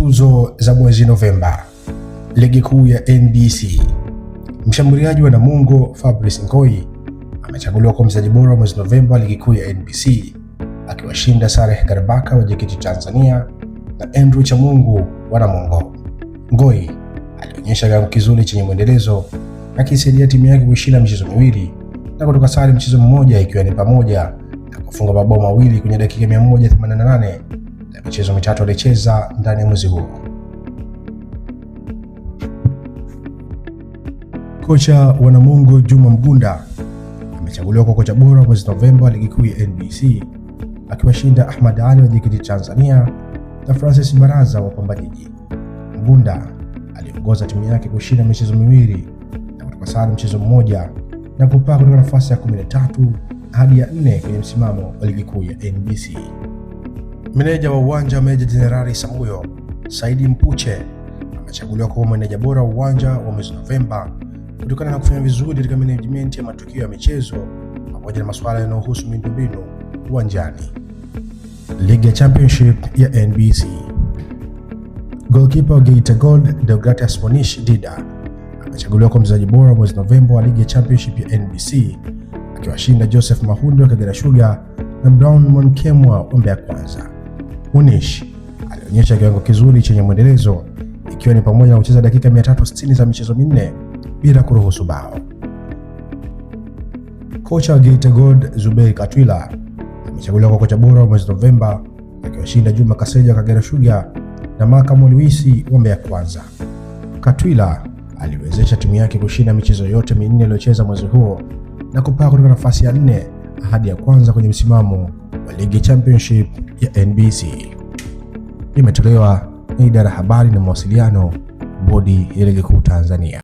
tuzo za mwezi Novemba ligi kuu ya NBC. Mshambuliaji wa Namungo Fabrice Ngoi amechaguliwa kwa mchezaji bora wa mwezi Novemba ligi kuu ya NBC akiwashinda Saleh Garbaka wa JKT Tanzania na Andrew Chamungu wa Namungo. Ngoi alionyesha kiwango kizuri chenye mwendelezo akisaidia timu yake kushinda michezo miwili na kutoka sare mchezo mmoja ikiwa ni pamoja na kufunga mabao mawili kwenye dakika 188 ya michezo mitatu alicheza ndani ya mwezi huu. Kocha wa Namungo Juma Mgunda amechaguliwa kwa kocha bora mwezi Novemba ligi kuu ya NBC akiwashinda Ahmad Ali wa JKT Tanzania na Francis Baraza wa Pamba Jiji. Mgunda aliongoza timu yake kushinda michezo miwili na kutoka sare mchezo mmoja na kupaa kutoka nafasi ya 13 hadi ya 4 kwenye msimamo wa ligi kuu ya NBC. Meneja wa uwanja Meja Jenerali Samuyo Saidi Mpuche amechaguliwa kuwa meneja bora wa uwanja wa mwezi Novemba kutokana na kufanya vizuri katika management ya matukio ya michezo pamoja na masuala yanayohusu miundombinu uwanjani. Ligi ya Championship ya NBC, Goalkeeper wa Geita Gold Deogratias Monish Dida amechaguliwa kuwa mchezaji bora wa mwezi Novemba wa ligi ya Championship ya NBC akiwashinda Joseph Mahundo wa Kagera Sugar na Brown Mwankemwa wa Mbeya Kwanza. Unishi alionyesha kiwango kizuri chenye mwendelezo ikiwa ni pamoja na kucheza dakika 360 za michezo minne bila kuruhusu bao. Kocha wa Geita Gold Zuberi Katwila amechaguliwa kwa kocha bora mwezi Novemba akiwashinda Juma Kaseja wa Kagera Sugar na Maka Luisi wa Mbeya Kwanza. Katwila aliwezesha timu yake kushinda michezo yote minne iliyocheza mwezi huo na kupaa kutoka nafasi ya nne ahadi ya kwanza kwenye msimamo wa ligi championship ya NBC. Imetolewa na idara ya habari na mawasiliano, bodi ya ligi kuu Tanzania.